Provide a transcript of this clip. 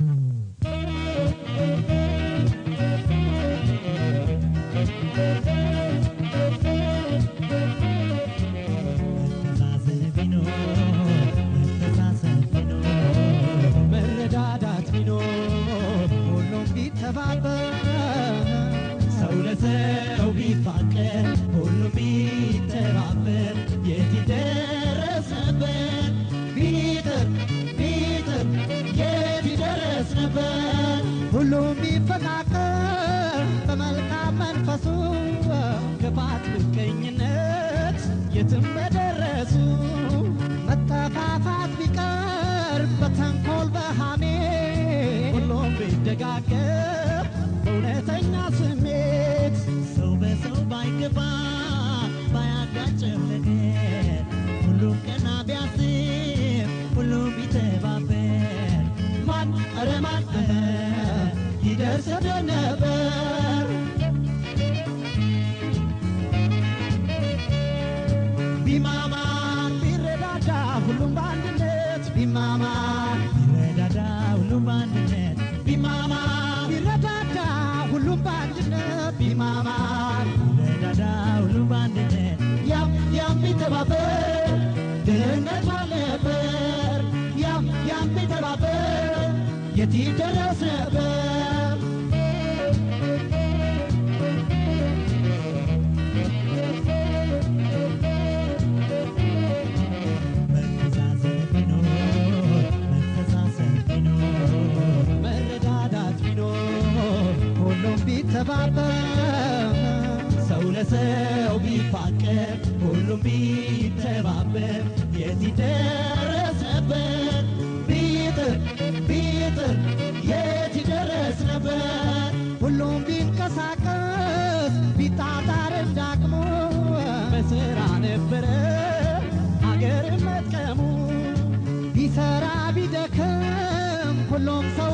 ሰው ቢፋቀር ሁሉም ቢተባበር የት ይደረሳል። ሁሉም ቢፈቃቀር በመልካም መንፈሱ ክፋት፣ ምቀኝነት የትም በደረሱ መጠፋፋት ቢቀር በተንኮል በሃሜ ሁሉም ቢደጋገፍ በእውነተኛ ስሜት ሰው በሰው ባይገባ ባያጋጭ ሁሉም ቀና ቢያስብ ሁሉም ቢተባበር ማን ረማ ሰደን ነበር ቢማማን ቢረዳዳ ሁሉም በአንድነት ቢማማን ቢረዳዳ ሁሉም በአንድነት ቢማማን ቢረዳዳ ሁሉም በአንድነት ቢማማን ቢረዳዳ ሁሉም በአንድነት ያም ያም ቢተባበር ድህነት ባልነበር ያም ያም ቢተባበር የት ይደረስ ነበር ቢተባበር ሰው ለሰው ቢፋቀር ሁሉም ቢተባበር የዚህ ደረስ ነበር። ቢጥር ቢጥር የት ይደረስ ነበር። ሁሉም ቢንቀሳቀስ ቢጣጣር እንዳቅሙ በስራ ነበረ አገር መጥቀሙ ቢሰራ ቢደክም ሁሉም ሰው